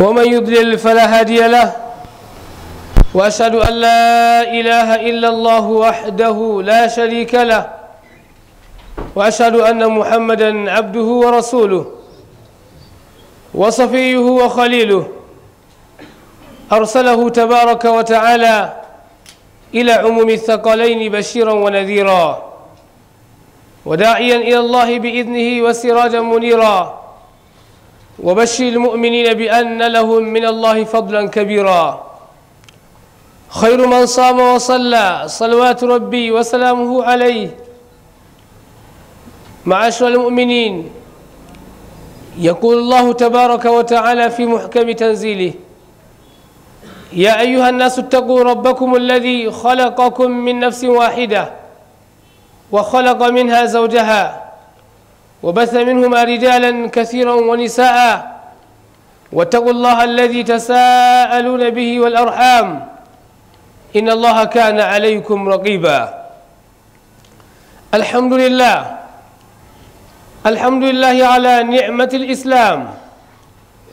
ومن يضلل فلا هادي له واشهد ان لا اله الا الله وحده لا شريك له واشهد ان محمدا عبده ورسوله وصفيه وخليله ارسله تبارك وتعالى الى عموم الثقلين بشيرا ونذيرا وداعيا الى الله باذنه وسراجا منيرا وبشر المؤمنين بأن لهم من الله فضلا كبيرا خير من صام وصلى صلوات ربي وسلامه عليه معاشر المؤمنين يقول الله تبارك وتعالى في محكم تنزيله يا أيها الناس اتقوا ربكم الذي خلقكم من نفس واحدة وخلق منها زوجها وبث منهما رجالا كثيرا ونساء واتقوا الله الذي تساءلون به والأرحام إن الله كان عليكم رقيبا الحمد لله الحمد لله على نعمة الإسلام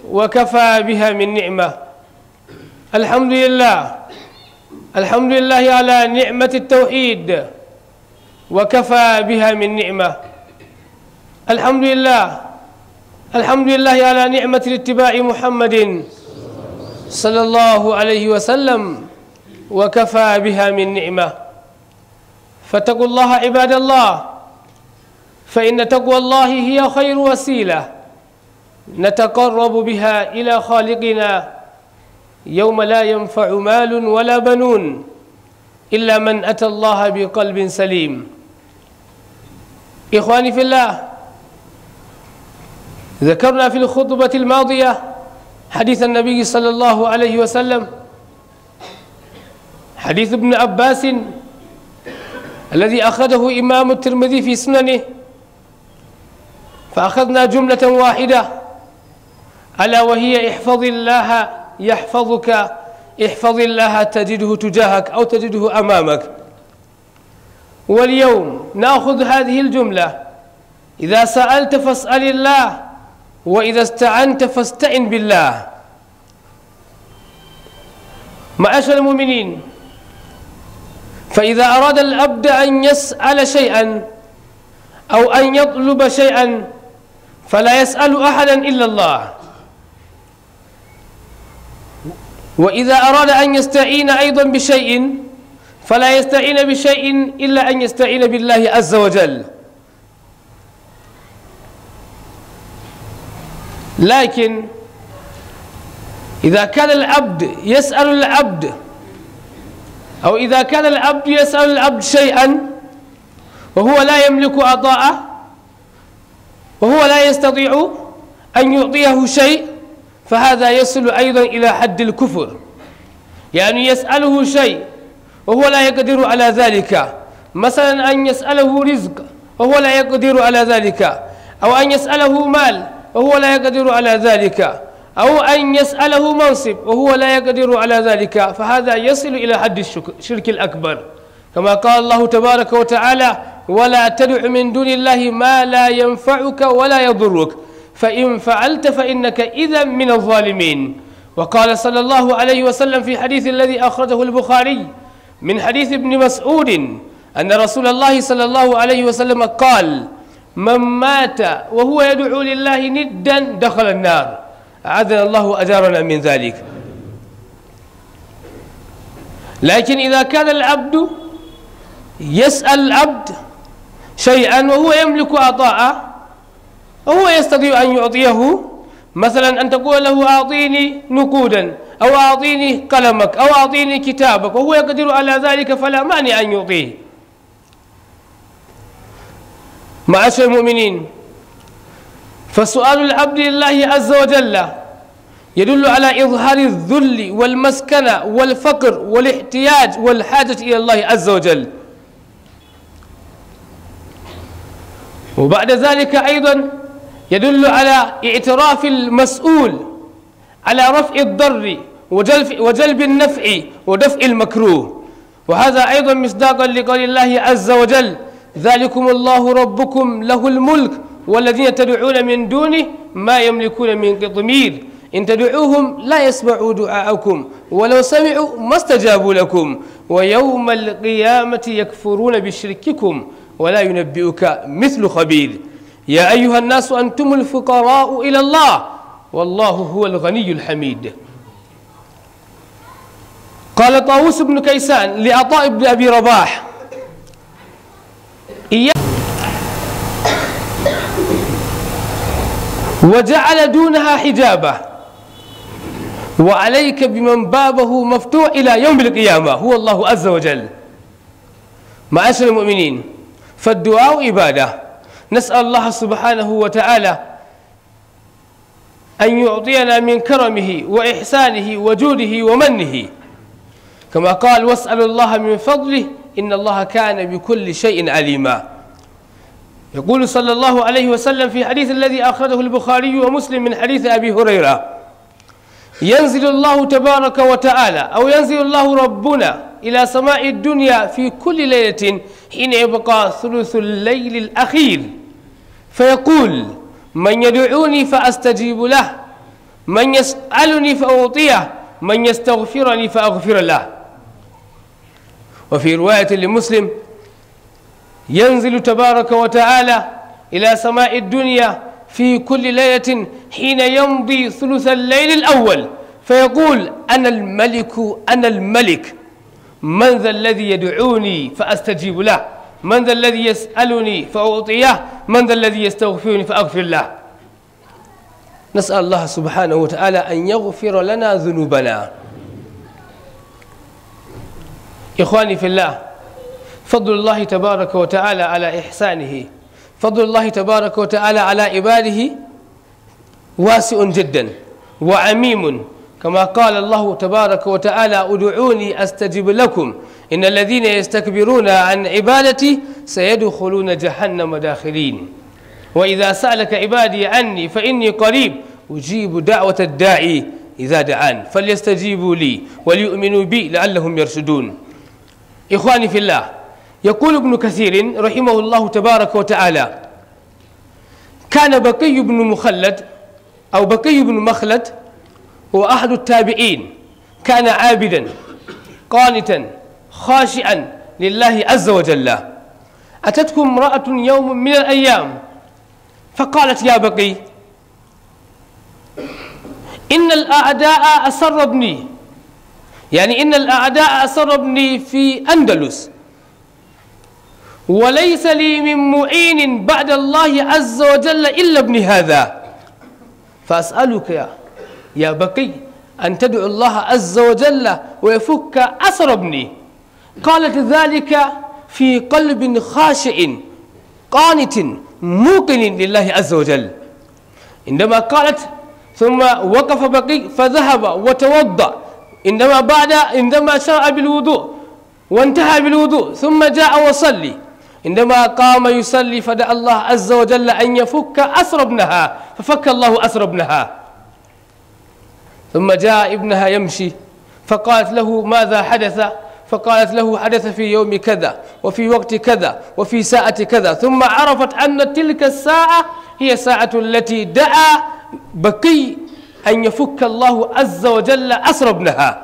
وكفى بها من نعمة الحمد لله الحمد لله على نعمة التوحيد وكفى بها من نعمة الحمد لله الحمد لله على نعمة الاتباع محمد صلى الله عليه وسلم وكفى بها من نعمة فاتقوا الله عباد الله فإن تقوى الله هي خير وسيلة نتقرب بها إلى خالقنا يوم لا ينفع مال ولا بنون إلا من أتى الله بقلب سليم إخواني في الله ذكرنا في الخطبة الماضية حديث النبي صلى الله عليه وسلم حديث ابن عباس الذي أخذه إمام الترمذي في سننه فأخذنا جملة واحدة ألا وهي احفظ الله يحفظك احفظ الله تجده تجاهك أو تجده أمامك واليوم ناخذ هذه الجملة إذا سألت فاسأل الله وإذا استعنت فاستعن بالله معاشر المؤمنين فإذا أراد العبد أن يسأل شيئا أو أن يطلب شيئا فلا يسأل أحدا إلا الله وإذا أراد أن يستعين أيضا بشيء فلا يستعين بشيء إلا أن يستعين بالله عز وجل لكن إذا كان العبد يسأل العبد أو إذا كان العبد يسأل العبد شيئا وهو لا يملك أضاءه وهو لا يستطيع أن يعطيه شيء فهذا يصل أيضا إلى حد الكفر يعني يسأله شيء وهو لا يقدر على ذلك مثلا أن يسأله رزق وهو لا يقدر على ذلك أو أن يسأله مال وهو لا يقدر على ذلك أو أن يسأله منصب وهو لا يقدر على ذلك فهذا يصل إلى حد الشرك الأكبر كما قال الله تبارك وتعالى ولا تدع من دون الله ما لا ينفعك ولا يضرك فإن فعلت فإنك إذا من الظالمين وقال صلى الله عليه وسلم في حديث الذي أخرجه البخاري من حديث ابن مسعود أن رسول الله صلى الله عليه وسلم قال من مات وهو يدعو لله ندا دخل النار أعاذنا الله وأجارنا من ذلك لكن إذا كان العبد يسأل العبد شيئا وهو يملك عطاء وهو يستطيع أن يعطيه مثلا أن تقول له أعطيني نقودا أو أعطيني قلمك أو أعطيني كتابك وهو يقدر على ذلك فلا مانع أن يعطيه معاشر المؤمنين فسؤال العبد لله عز وجل يدل على إظهار الذل والمسكنة والفقر والاحتياج والحاجة إلى الله عز وجل وبعد ذلك أيضا يدل على اعتراف المسؤول على رفع الضر وجلب, وجلب النفع ودفع المكروه وهذا أيضا مصداقا لقول الله عز وجل ذلكم الله ربكم له الملك والذين تدعون من دونه ما يملكون من قطمير إن تدعوهم لا يسمعوا دعاءكم ولو سمعوا ما استجابوا لكم ويوم القيامة يكفرون بشرككم ولا ينبئك مثل خبير يا أيها الناس أنتم الفقراء إلى الله والله هو الغني الحميد قال طاووس بن كيسان لعطاء بن أبي رباح إياه وجعل دونها حجابا وعليك بمن بابه مفتوح إلى يوم القيامة هو الله عز وجل معاشر المؤمنين فالدعاء عبادة نسأل الله سبحانه وتعالى أن يعطينا من كرمه وإحسانه وجوده ومنه كما قال واسأل الله من فضله إن الله كان بكل شيء عليما يقول صلى الله عليه وسلم في حديث الذي أخرجه البخاري ومسلم من حديث أبي هريرة ينزل الله تبارك وتعالى أو ينزل الله ربنا إلى سماء الدنيا في كل ليلة حين يبقى ثلث الليل الأخير فيقول من يدعوني فأستجيب له من يسألني فأعطيه من يستغفرني فأغفر له وفي رواية لمسلم ينزل تبارك وتعالى إلى سماء الدنيا في كل ليلة حين يمضي ثلث الليل الأول فيقول أنا الملك أنا الملك من ذا الذي يدعوني فأستجيب له من ذا الذي يسألني فأعطيه من ذا الذي يستغفرني فأغفر له نسأل الله سبحانه وتعالى أن يغفر لنا ذنوبنا إخواني في الله فضل الله تبارك وتعالى على إحسانه فضل الله تبارك وتعالى على عباده واسع جدا وعميم كما قال الله تبارك وتعالى ادعوني استجب لكم ان الذين يستكبرون عن عبادتي سيدخلون جهنم داخلين واذا سالك عبادي عني فاني قريب اجيب دعوه الداعي اذا دعان فليستجيبوا لي وليؤمنوا بي لعلهم يرشدون إخواني في الله يقول ابن كثير رحمه الله تبارك وتعالى كان بقي بن مخلد أو بقي بن مخلد هو أحد التابعين كان عابدا قانتا خاشعا لله عز وجل أتتكم امرأة يوم من الأيام فقالت يا بقي إن الأعداء أسر ابني يعني إن الأعداء أسر ابني في أندلس وليس لي من معين بعد الله عز وجل إلا ابن هذا فأسألك يا يا بقي أن تدعو الله عز وجل ويفك أسر ابني قالت ذلك في قلب خاشع قانت موقن لله عز وجل عندما قالت ثم وقف بقي فذهب وتوضأ عندما بعد عندما شرع بالوضوء وانتهى بالوضوء ثم جاء وصلي عندما قام يصلي فدعا الله عز وجل أن يفك أسر ابنها ففك الله أسر ابنها ثم جاء ابنها يمشي فقالت له ماذا حدث فقالت له حدث في يوم كذا وفي وقت كذا وفي ساعة كذا ثم عرفت أن تلك الساعة هي ساعة التي دعا بكي أن يفك الله عز وجل أسر ابنها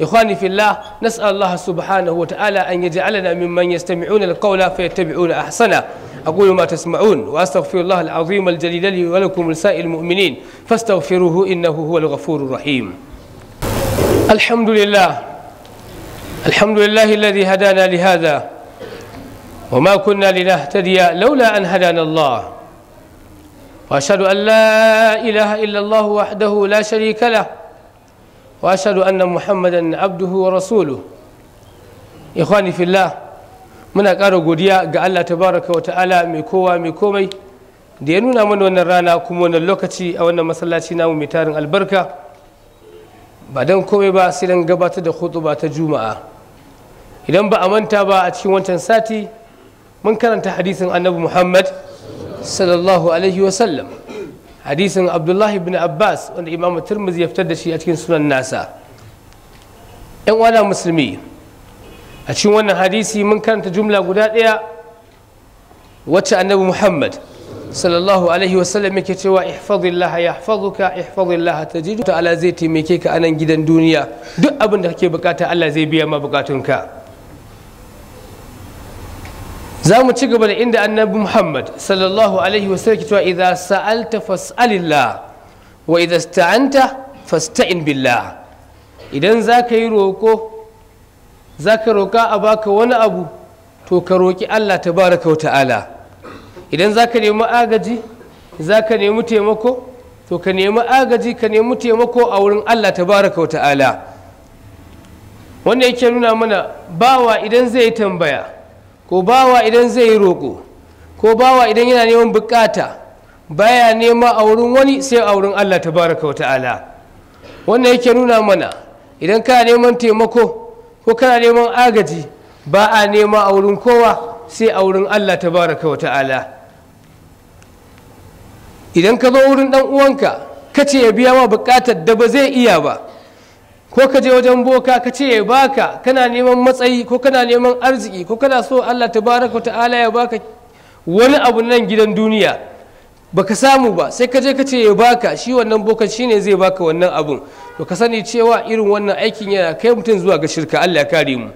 إخواني في الله نسأل الله سبحانه وتعالى أن يجعلنا ممن يستمعون القول فيتبعون أحسنه أقول ما تسمعون وأستغفر الله العظيم الجليل لي ولكم لسائر المؤمنين فاستغفروه إنه هو الغفور الرحيم الحمد لله الحمد لله الذي هدانا لهذا وما كنا لنهتدي لولا أن هدانا الله واشهد ان لا اله الا الله وحده لا شريك له واشهد ان محمدا عبده ورسوله اخواني في الله muna ƙara godiya ga Allah tabaraka wa ta'ala mai kowa mai komai da ya nuna mana wannan rana kuma wannan lokaci a wannan masallaci namu mai tarin albarka ba don komai ba sai don gabatar da ba ta juma'a idan ba a manta ba a cikin wancan sati mun karanta hadisin annabi muhammad sallallahu alaihi wasallam hadisin abdullahi ibn abbas wanda imamu turmuzi ya fitar da shi a cikin sunan nasa yan wana musulmi a cikin wannan hadisi mun karanta jumla guda ɗaya wacce annabi muhammad sallallahu alaihi wasallam yake cewa ihfazillaha yahfazuka ihfazillaha tajidu ta'ala zai taimake ka anan gidan duniya duk abin da kake bukata Allah zai biya ma bukatunka za mu ci gaba da inda annabi muhammad sallallahu alaihi wa ke cewa idza sa'alta fas'alillah wa idza sta'anta fasta'in billah idan za ka yi roƙo za ka roƙa a baka wani abu to ka roƙi allah tabaraka wa ta'ala idan za ka nemi agaji za ka nemi taimako to ka nemi agaji ka nemi taimako a wurin allah tabaraka wa ta'ala wanda yake nuna mana bawa idan zai tambaya ko bawa idan zai yi roƙo ko bawa idan yana neman bukata baya nema a wurin wani sai a wurin Allah tabaraka wa ta'ala wannan yake nuna mana idan kana neman taimako ko kana neman agaji ba a nema a wurin kowa sai a wurin Allah tabaraka wa ta'ala idan ka zo wurin ɗan uwanka ka ce ya biya ma bukatar da ba zai iya ba ko ka je wajen boka ka ce ya baka kana neman matsayi ko kana neman arziki ko kana so Allah tabaraka ta'ala ya baka wani abu nan gidan duniya baka samu ba sai ka je ka ce ya baka shi wannan bokan ne zai baka wannan abun to ka sani cewa irin wannan aikin yana kai mutum zuwa ga shirka Allah ya kare mu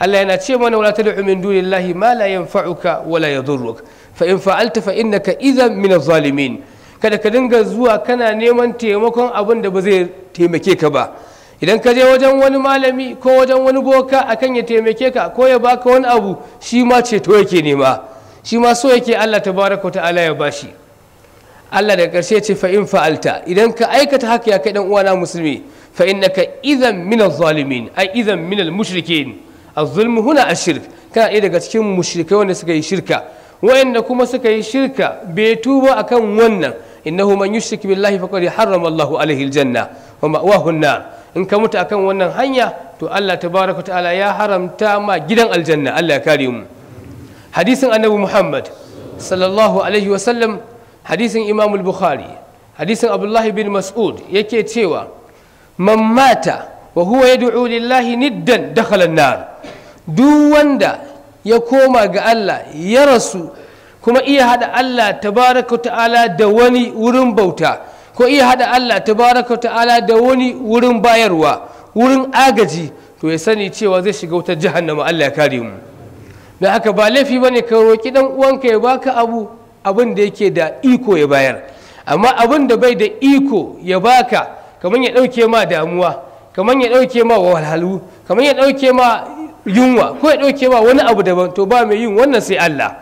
Allah yana ce mana wala tad'u min dunillahi ma la yanfa'uka wala yadurruk fa in fa'alta fa innaka idhan min zalimin kada ka dinga zuwa kana neman taimakon abin da ba zai taimake ka ba idan ka je wajen wani malami ko wajen wani boka akan ya taimake ka ko ya baka wani abu shi ma ceto yake nema shi ma so yake Allah ta ala ya bashi Allah da ƙarshe ce fa in fa'alta idan ka aikata haka ya kai dan uwana musulmi fa innaka idan min az-zalimin ai idan min al-mushrikin az-zulm huna ash-shirk kana ɗaya daga cikin mushrikai wanda suka yi shirka wayanda kuma suka yi shirka bai tuba akan wannan innahu man yushrik billahi faqad harrama Allahu alaihi al-janna wa ma'wahu an-nar in ka mutu akan wannan hanya to Allah tabaraka ta'ala ya haramta ma gidan aljanna Allah ya kare mu hadisin annabi Muhammad sallallahu alaihi wa sallam hadisin Imam al-Bukhari hadisin Abdullah bin Mas'ud yake cewa man mata wa huwa yad'u lillahi niddan dakhala an-nar duk wanda ya koma ga Allah ya rasu kuma iya hada Allah tabaraka ta'ala da wani wurin bauta ko iya haɗa Allah ta baraka ta'ala da wani wurin bayarwa wurin agaji to ya sani cewa zai shiga wutar jahannama Allah ya kare mu da haka ba laifi ne ka kidan uwan uwanka ya baka abu abin da yake da iko ya bayar amma abin da bai da iko ya baka kamar ya ɗauke ma damuwa kamar ya ɗauke ma walhalu kamar ya ɗauke ma yunwa ko ya ɗauke ma wani abu daban to ba mai yin wannan sai Allah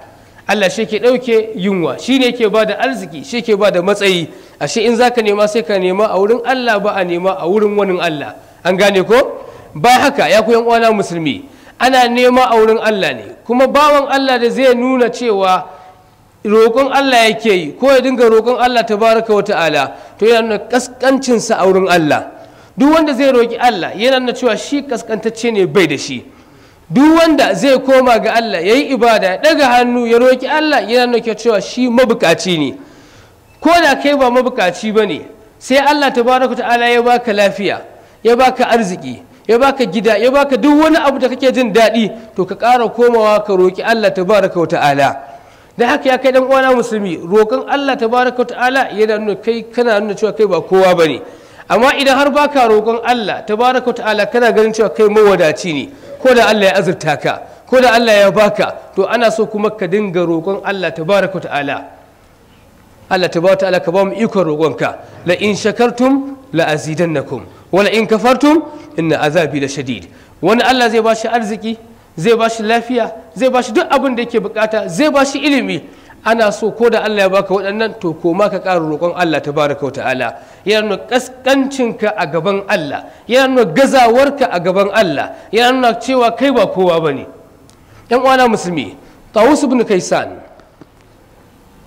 Allah shi ke ɗauke yunwa shi ne ke ba da arziki shi ke ba da matsayi ashe in zaka nema sai ka nema a wurin Allah ba a nema a wurin wani Allah an gane ko ba haka ya ku uwana musulmi ana nema a wurin Allah ne kuma bawan Allah da zai nuna cewa roƙon Allah yake yi ko ya dinga roƙon Allah ta baraka wa ta'ala to yana nuna kaskancinsa a wurin Allah duk wanda zai roƙi Allah yana nuna cewa shi kaskantacce ne bai da shi duk wanda zai koma ga Allah ya yi ibada ya ɗaga hannu ya roki Allah yana nuna cewa shi mabukaci ne ko da kai ba mabukaci ba ne sai allah tabaraka ta'ala ya baka lafiya ya baka arziki ya baka gida ya baka duk wani abu da kake jin daɗi to ka ƙara komawa ka roƙi allah tabaraka ta'ala da haka ya kai dan uwana musulmi roƙon Allah tabaraka ta'ala yana nuna kai kana nuna cewa kai ba kowa ba ne. amma idan har baka roƙon Allah tabaraka ta'ala kana ganin cewa kai mawadaci ne ko da Allah ya azurta ka ko da Allah ya baka to ana so kuma ka dinga roƙon Allah tabaraka ta'ala Allah bata ta'ala ka ba mu ikon roƙonka la in shakartum la azidannakum wala in kafartum inna azabi la shadid wani Allah zai bashi arziki zai bashi lafiya zai bashi duk abin da yake bukata zai bashi ilimi ana so ko da Allah ya baka waɗannan to koma ka ƙara roƙon Allah ta tabaraka wa ta'ala yana nuna kaskancinka a gaban Allah yana nuna gazawarka a gaban Allah yana nuna cewa kai ba kowa bane yan uwana musulmi Tawus ibn Kaisan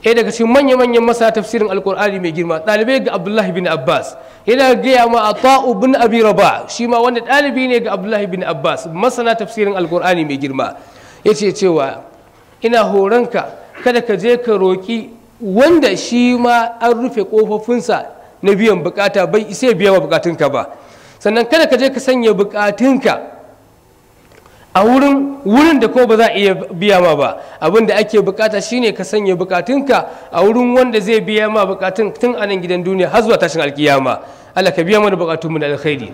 ɗaya daga cikin manya-manyan masa tafsirin alkur'ani mai girma ɗalibai ga abdullahi bin abbas yana gaya ma a ta'u bin abi raba shi ma wanda ɗalibi ne ga abdullahi bin abbas masana tafsirin alkur'ani mai girma ya ce cewa ina horonka kada ka je ka roƙi wanda shi ma an rufe ƙofofinsa na biyan bukata bai isa biya wa bukatunka ba sannan kada ka je ka sanya bukatunka a wurin wurin da ko ba za a iya biya ma ba abin da ake bukata shine ka sanya bukatunka a wurin wanda zai biya ma bukatun tun a nan gidan duniya har zuwa tashin alkiyama Allah ka biya mana bukatun mu da alkhairi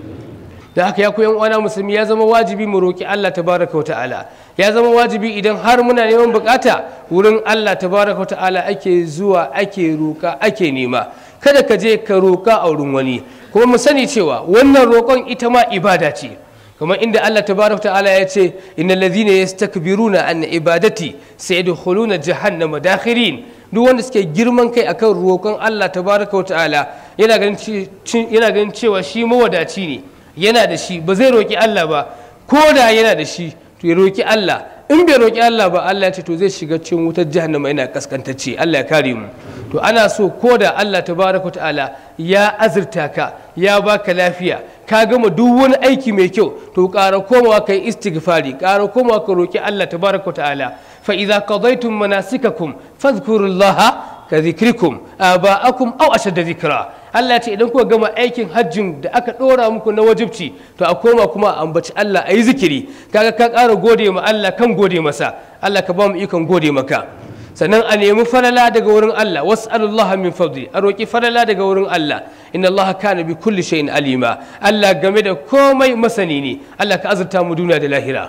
da haka ya yan uwana musulmi ya zama wajibi mu roki Allah tabaraka ta'ala ya zama wajibi idan har muna neman bukata wurin Allah tabaraka ta'ala ake zuwa ake roka ake nema kada ka je ka roka a wurin wani kuma mu sani cewa wannan roƙon ita ma ibada ce kamar inda Allah tabaraka ta'ala ya ce innal ladhina yastakbiruna an ibadati sayadkhuluna jahannama dakhirin duk wanda suke girman kai akan roƙon Allah tabaraka ta'ala yana ganin yana ganin cewa shi mawadaci ne yana da shi ba zai roƙi Allah ba ko da yana da shi to ya roƙi Allah in bai roƙi Allah ba Allah ya ce to zai shiga cikin wutar jahannama yana kaskantacce Allah ya kare mu to ana so ko da Allah tabaraka ta'ala ya azurta ka ya baka lafiya ka gama duk wani aiki mai kyau to ƙara komawa kai istighfari ƙara komawa ka roki Allah tabaraka ta'ala fa idza qadaytum manasikakum fadhkurullaha ka zikrikum aba'akum aw ashadda zikra Allah ce idan kuka gama aikin hajjin da aka ɗora muku na wajibci to a koma kuma a ambaci Allah a yi zikiri kaga ka ƙara gode ma Allah kan gode masa Allah ka ba mu ikon gode maka sannan a nemi falala daga wurin Allah was'alullah min fadli a roƙi falala daga wurin Allah inna Allah kana bi kulli shay'in alima Allah game da komai masani ne Allah ka azurta mu duniya da lahira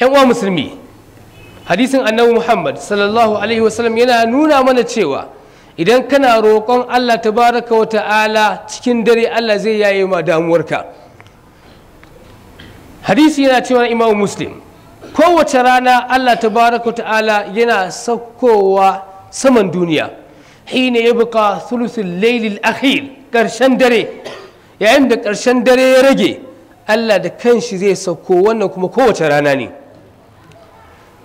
yan uwa musulmi hadisin annabi Muhammad sallallahu alaihi wasallam yana nuna mana cewa idan kana roƙon Allah tabaraka wa ta'ala cikin dare Allah zai yaye ma damuwarka hadisi yana cewa imamu Muslim kowace rana Allah tabaraka ta'ala yana saukowa saman duniya hina buka thuluthul lailil akhir karshen dare yayin da karshen dare ya rage Allah da kanshi zai sauko wannan kuma kowace rana ne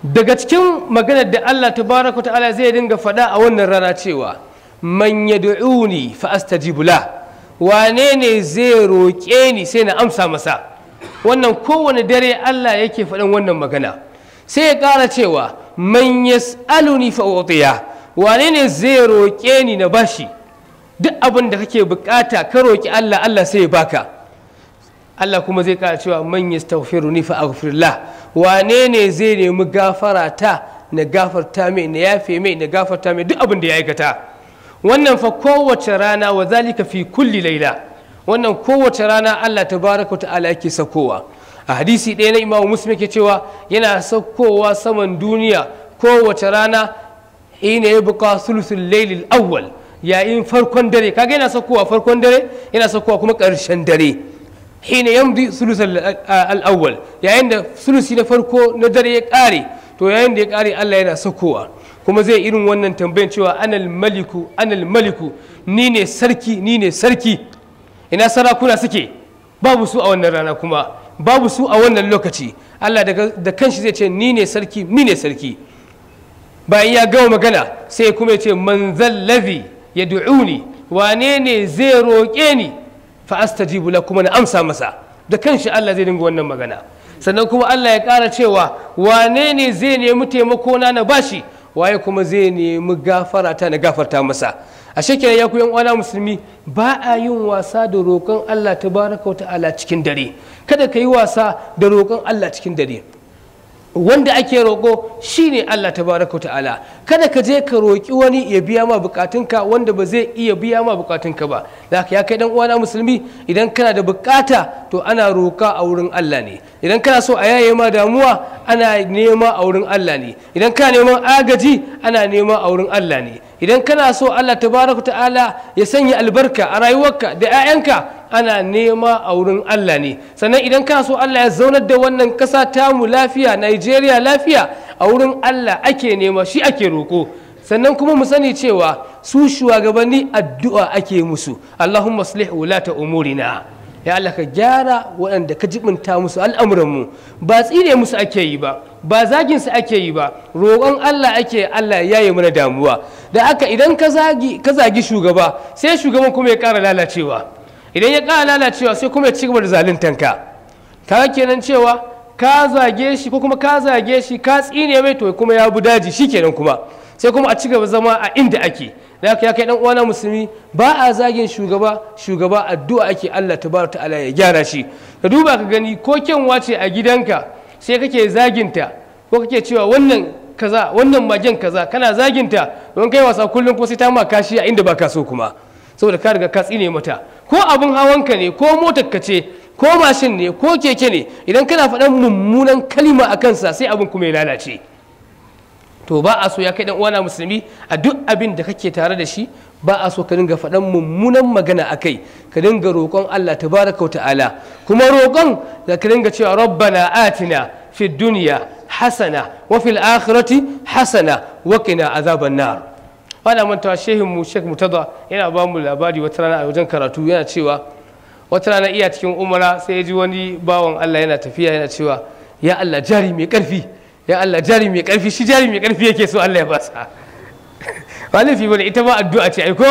daga cikin maganar da Allah tabaraka ta'ala zai dinga faɗa a wannan rana cewa man yad'uni fa astajibu la wane ne zai roƙe ni sai na amsa masa wannan kowane dare Allah yake faɗin wannan magana sai ya ƙara cewa man yas'aluni fa utiya wane ne zai roƙe ni na bashi duk abin da kake bukata ka roƙi Allah Allah sai ya baka Allah kuma zai ƙara cewa man yastaghfiruni fa aghfirullah wane ne zai nemi gafara ta na gafarta mai na yafe mai na gafarta mai duk abin da ya aikata wannan fa kowace rana wa zalika fi kulli laila wannan kowace rana Allah tabaraka ta'ala yake sakowa a hadisi ɗaya na imamu muslim ke cewa yana sakowa saman duniya kowace rana ina ya buka sulusul lailil awwal yayin farkon dare kaga yana sakowa farkon dare yana sakowa kuma ƙarshen dare hina yamdi sulusul al-awwal yayin da sulusi na farko na dare ya ƙare to yayin da ya ƙare Allah yana sakowa kuma zai irin wannan tambayan cewa anal maliku anal maliku ni ne sarki ni ne sarki ina sarakuna suke babu su a wannan rana kuma babu su a wannan lokaci Allah da kanshi zai ce ni ne sarki ni ne sarki bayan ya gama magana sai kuma ya ce manzan ya du'uni wane ne zai roƙe ni fa astajibu la kuma na amsa masa da kanshi Allah zai dinga wannan magana sannan kuma Allah ya ƙara cewa wane ne zai nemi taimako na na bashi waye kuma zai nemi gafara ta na gafarta masa a shekara ya kuyan uwana musulmi ba a yin wasa da roƙon Allah ta baraka wa ta'ala cikin dare kada ka yi wasa da roƙon Allah cikin dare wanda ake roƙo shine Allah ta baraka wa ta'ala kada ka je ka roƙi wani ya biya ma bukatunka wanda ba zai iya biya ma bukatunka ba da ya kai dan uwana musulmi idan kana da bukata to ana roƙa a wurin Allah ne idan kana so a yaye ma damuwa ana nema a wurin Allah ne idan kana neman agaji ana nema a wurin Allah ne idan kana so Allah tabaraka ta'ala ya sanya albarka a rayuwarka da 'ya'yanka ana nema a wurin Allah ne sannan idan kana so Allah ya zaunar da wannan ƙasa tamu lafiya Najeriya lafiya a wurin Allah ake nema shi ake roko sannan kuma mu sani cewa su shugabanni addu'a ake musu Allahumma aslih ta umurina ya Allah ka gyara waɗanda ka jibinta musu al'amuran mu, ba tsire musu ake yi ba ba zaginsa ake yi ba roƙon Allah ake Allah ya yi mana damuwa da aka idan ka zagi shugaba sai shugaban kuma ya ƙara lalacewa idan ya ƙara lalacewa sai kuma ya ci gaba da zaluntanka ka kenan cewa ka zage shi ko kuma ka zage shi ka tsine mai to kuma ya bu daji shi kenan kuma sai kuma a ci gaba zama a inda ake da haka ya kai dan uwana musulmi ba a zagin shugaba shugaba addu'a ake Allah tabaraka ta'ala ya gyara shi ka duba ka gani ko kyanwa ce a gidanka sai kake zaginta ko kake cewa wannan kaza wannan magen kaza kana zaginta don kai wasa kullum ko sai ta ma kashi a inda baka so kuma saboda ka riga ka tsine mata ko abin ka ne ko motar ka ce ko mashin ne ko keke ne idan kana faɗan mummunan kalima a kansa sai abin kuma ya lalace to ba a so ya kai dan uwana musulmi a duk abin da kake tare da shi ba a so ka dinga faɗan mummunan magana a kai ka dinga roƙon Allah tabaraka wa ta'ala kuma roƙon da ka dinga cewa rabbana atina fi dunya hasana wa fil akhirati hasana wa qina azaban nar wala mantawa shehin mu shek mutada yana ba mu labari wata rana a wajen karatu yana cewa wata rana iya cikin umara sai ya ji wani bawan Allah yana tafiya yana cewa ya Allah jari mai karfi ya Allah jari mai karfi shi jari mai karfi yake so Allah ya basa ba bane ita ma addu'a ce aiko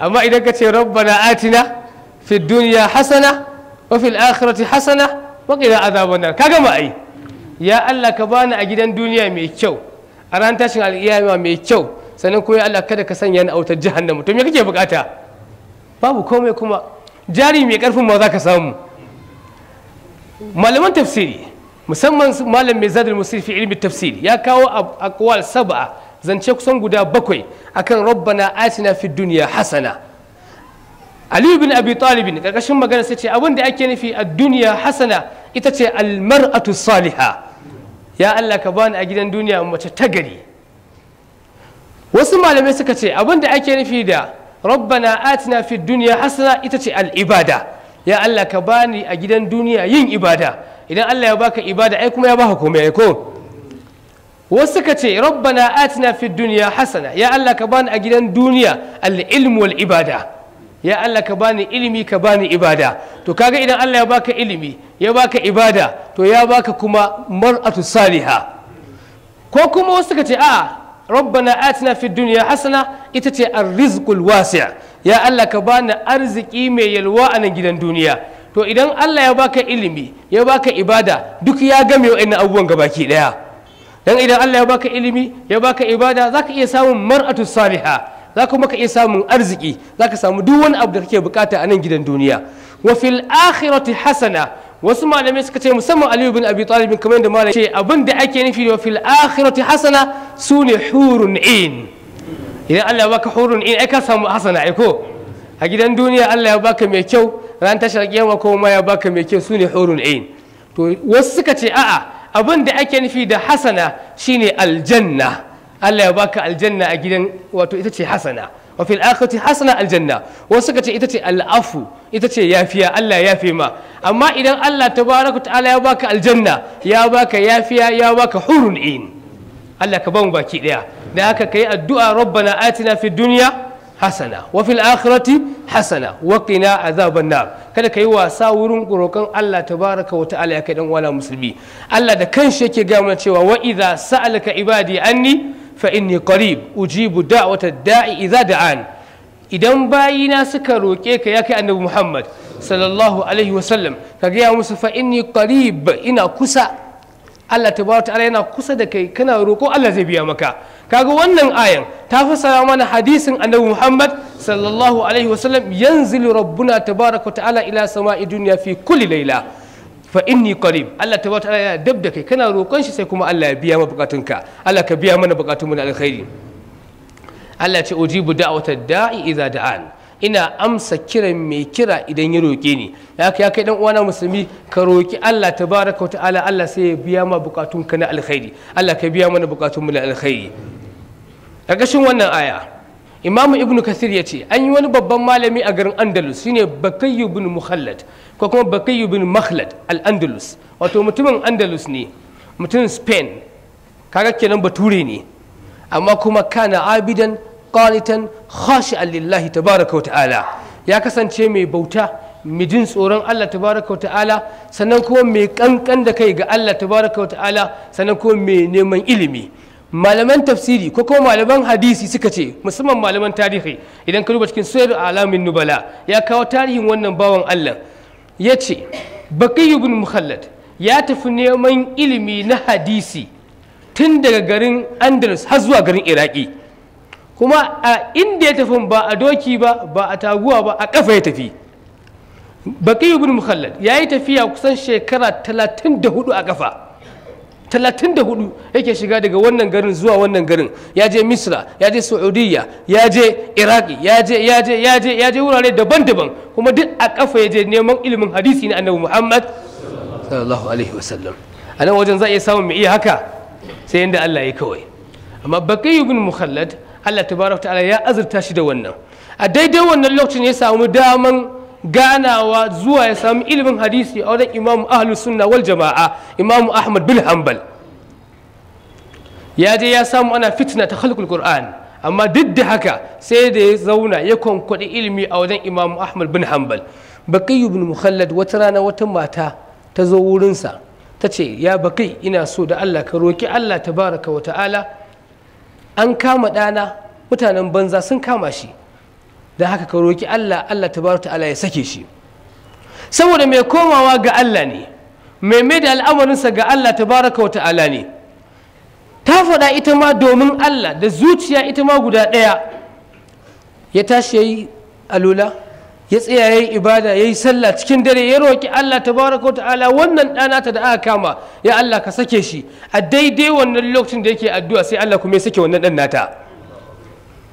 amma idan ka ce rabbana atina fi dunya hasana wa fil akhirati hasana wa qina azaban nar kaga ma ai ya Allah ka bani a gidan duniya mai kyau a ran tashin aliyama mai kyau sannan ko ya Allah kada ka sanya ni a wutar jahannama to me kake bukata babu komai kuma jari mai karfin ma za ka samu malaman tafsiri musamman malam mai zadar musir fi ilmi tafsir ya kawo akwal sab'a zance kusan guda bakwai akan rabbana atina fi dunya hasana ali bin abi talib karkashin magana sai ce abin da ake nufi a duniya hasana ita ce almar'atu saliha ya Allah ka bani a gidan duniya mace ta gari wasu malamai suka ce abin da ake nufi da rabbana atina fi dunya hasana ita ce al'ibada ya Allah ka bani a gidan duniya yin ibada idan Allah ya baka ibada ai kuma ya baka komai ko wasu suka ce rabbana atina fid dunya hasana ya Allah ka bani a gidan duniya al ilmu wal ibada ya Allah ka bani ilimi ka bani ibada to kaga idan Allah ya baka ilimi ya baka ibada to ya baka kuma mar'atu saliha ko kuma wasu suka ce a rabbana atina fid dunya hasana ita ce Arrizqul wasa, wasi' ya Allah ka bani arziki mai yalwa a nan gidan duniya to idan Allah ya baka ilimi ya baka ibada duk ya game wa ina abubuwan gabaki daya dan idan Allah ya baka ilimi ya baka ibada zaka iya samun mar'atu saliha za kuma ka iya samun arziki za ka samu duk wani abu da kake bukata a nan gidan duniya wa fil akhirati hasana wasu malamai suka ce musamman aliyu bin abi talib kamar yadda malamai ce abin da ake nufi da fil akhirati hasana sune hurun in idan Allah ya baka hurun in ai ka samu hasana ai ko a gidan duniya Allah ya baka mai kyau ran tashar kiyama kuma ya baka mai kyau sune hurun ain to wasu suka ce a'a abin da ake nufi da hasana shine aljanna Allah ya baka aljanna a gidan wato ita ce hasana wa fil akhirati hasana aljanna wasu suka ce ita ce al'afu ita ce yafiya Allah ya fi ma amma idan Allah tabaraka ta'ala ya baka aljanna ya baka yafiya ya baka hurun ain Allah ka ba mu baki daya da haka kai addu'a rabbana atina fid dunya hasana wa fil akhirati hasana wa qina azaban nar kada kai wasa wurin roƙon Allah tabaraka wa ta'ala ya kai dan wala musulmi Allah da kanshi yake ga mana cewa wa idza sa'alaka ibadi anni fa inni qarib ujibu da'wata da'i idza da'an idan bayina suka roƙe ka ya kai annabi Muhammad sallallahu alaihi wasallam ka ga musu fa inni qarib ina kusa Allah tabaraka ta'ala yana kusa da kai kana roƙo Allah zai biya maka kaga wannan ayan ta fassara mana hadisin annabi Muhammad sallallahu alaihi wasallam yanzilu rabbuna tabaraka ta'ala ila sama'i dunya fi kulli laila fa inni qarib Allah tabaraka ta'ala yana dab da kai kana roƙon shi sai kuma Allah ya biya maka bukatunka Allah ka biya mana bukatunmu na alkhairi Allah ce ujibu da'watad da'i idza da'an ina amsa kiran mai kira idan ya roƙe ni ya kai dan uwana musulmi ka roƙi Allah tabaraka wa ta'ala Allah sai ya biya ma bukatun ka na alkhairi Allah ka biya mana bukatun mu na alkhairi ƙarƙashin wannan aya Imam Ibn Kathir ya ce an yi wani babban malami a garin Andalus shine Bakayyu ibn Mukhallad ko kuma Bakayyu ibn Makhlad al-Andalus wato mutumin Andalus ne mutumin Spain kaga kenan bature ne amma kuma kana abidan qanitan khashi'an lillahi tabaraka wa ta'ala ya kasance mai bauta mijin tsoron Allah tabaraka wa ta'ala sannan kuma mai kankan da kai ga Allah tabaraka wa ta'ala sannan kuma mai neman ilimi malaman tafsiri ko kuma malaman hadisi suka ce musamman malaman tarihi idan ka duba cikin sayar alamin nubala ya kawo tarihin wannan bawan Allah ya ce baqiy ibn mukhallad ya tafi neman ilimi na hadisi tun daga garin andalus har zuwa garin iraki kuma a inda ya tafi ba a doki ba ba a taguwa ba a kafa ya tafi baki ibn mukhallad ya yi tafiya kusan shekara 34 a kafa 34 yake shiga daga wannan garin zuwa wannan garin ya je misra ya je saudiya ya je iraki ya je ya je ya je ya je wurare daban-daban kuma duk a kafa ya je neman ilimin hadisi na annabi muhammad sallallahu alaihi wasallam a nan wajen za a iya samun mai iya haka sai yadda allah ya kawai amma baki ibn mukhallad Allah tabaraka ta'ala ya azurta shi da wannan a daidai wannan lokacin ya samu daman ganawa zuwa ya samu ilimin hadisi a wajen imamu ahlu sunna wal jama'a imamu ahmad bin hanbal ya je ya samu ana fitna ta khalqul qur'an amma duk da haka sai da ya zauna ya kwankwaɗi ilimi a wajen imamu ahmad bin hanbal baqiyu bin mukhallad wata rana wata mata ta zo wurinsa ta ce ya bakai ina so da allah ka roki allah tabaraka wa ta'ala an kama ɗana mutanen banza sun kama shi da haka ka roki Allah Allah ta ta'ala ya sake shi saboda mai komawa ga Allah ne mai mai da al'amarinsa ga Allah ta baraka wa ta'ala ne ta faɗa ita ma domin Allah da zuciya ita ma guda ɗaya ya tashi ya yi alula ya tsaya ya yi ibada ya yi sallah cikin dare ya roƙi Allah ta baraka ta'ala wannan ɗanata da aka kama ya Allah ka sake shi a daidai wannan lokacin da yake addu'a sai Allah kuma ya sake wannan ɗan nata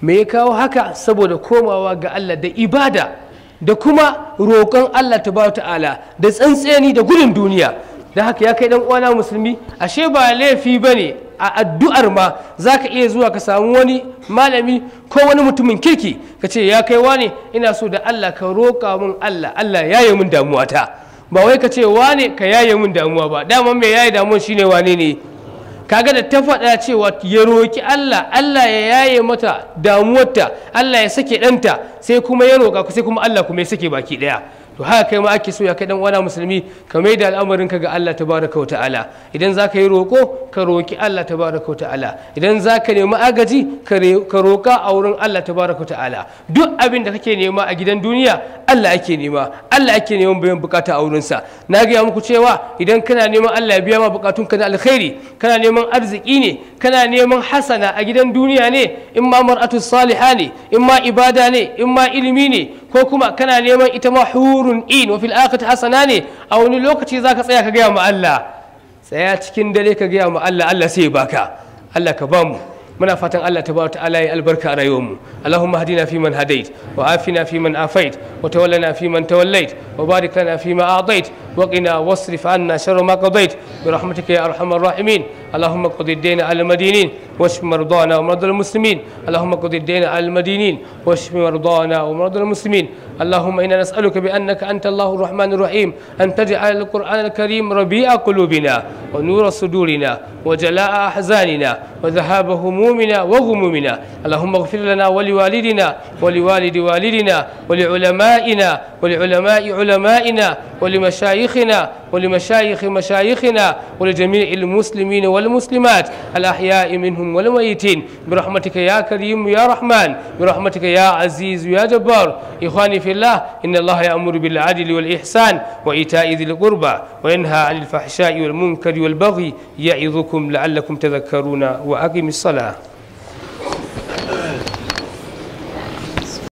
me ya kawo haka saboda komawa ga Allah da ibada da kuma roƙon Allah ta ta'ala da tsantseni da gudun duniya da haka ya kai dan uwana musulmi ashe ba laifi ba ne a addu'ar ma ka iya zuwa ka samu wani malami ko wani mutumin kirki ka ce ya kai wane ina so da Allah ka roƙa mun Allah Allah ya yi mun damuwa ta ba wai ka ce wane ka ya yaye mun damuwa ba dama mai ya yi damuwa shine wane ne kaga da ta faɗa cewa ya roƙi Allah Allah ya yaye mata damuwarta Allah ya sake ɗanta sai kuma ya roƙa sai kuma Allah kuma ya sake baki ɗaya to haka kai ma ake so ya kai dan uwana musulmi ka mai da al'amarin ka ga Allah tabaraka wa ta'ala idan zaka yi roko ka roki Allah Ta baraka wa ta'ala idan za ka nemi agaji ka roka a wurin Allah Ta baraka wa ta'ala duk abin da kake nema a gidan duniya Allah ake nema Allah ake neman bayan bukata a wurinsa na gaya muku cewa idan kana neman Allah ya biya ma bukatun ka na alkhairi kana neman arziki ne kana neman hasana a gidan duniya ne in ma mar'atu saliha ne in ma ibada ne in ma ilimi ne ko kuma kana neman ita ma hurun in wa fil akhirati hasana ne a wani lokaci zaka tsaya ka gaya ma Allah tsaya cikin dare ka gaya mu Allah Allah sai baka Allah ka bamu muna fatan Allah tabaraka ta'ala albarka a rayuwar mu Allahumma hadina fi man hadait wa afina fi man afait wa tawallana fi man tawallait wa barik lana fi ma a'tait wa qina wasrif anna sharra ma qadait bi rahmatika ya arhamar rahimin Allahumma qadi ad al-madinin واشف مرضانا ومرضى المسلمين اللهم قض الدين على المدينين واشف مرضانا ومرضى المسلمين اللهم إنا نسألك بأنك أنت الله الرحمن الرحيم أن تجعل القرآن الكريم ربيع قلوبنا ونور صدورنا وجلاء أحزاننا وذهاب همومنا وغمومنا اللهم اغفر لنا ولوالدنا ولوالد والدنا ولعلمائنا ولعلماء علمائنا ولمشايخنا ولمشايخ مشايخنا ولجميع المسلمين والمسلمات الأحياء منهم والميتين برحمتك يا كريم يا رحمن برحمتك يا عزيز يا جبار إخواني في الله إن الله يأمر بالعدل والإحسان وإيتاء ذي القربى وينهى عن الفحشاء والمنكر والبغي يعظكم لعلكم تذكرون وأقم الصلاة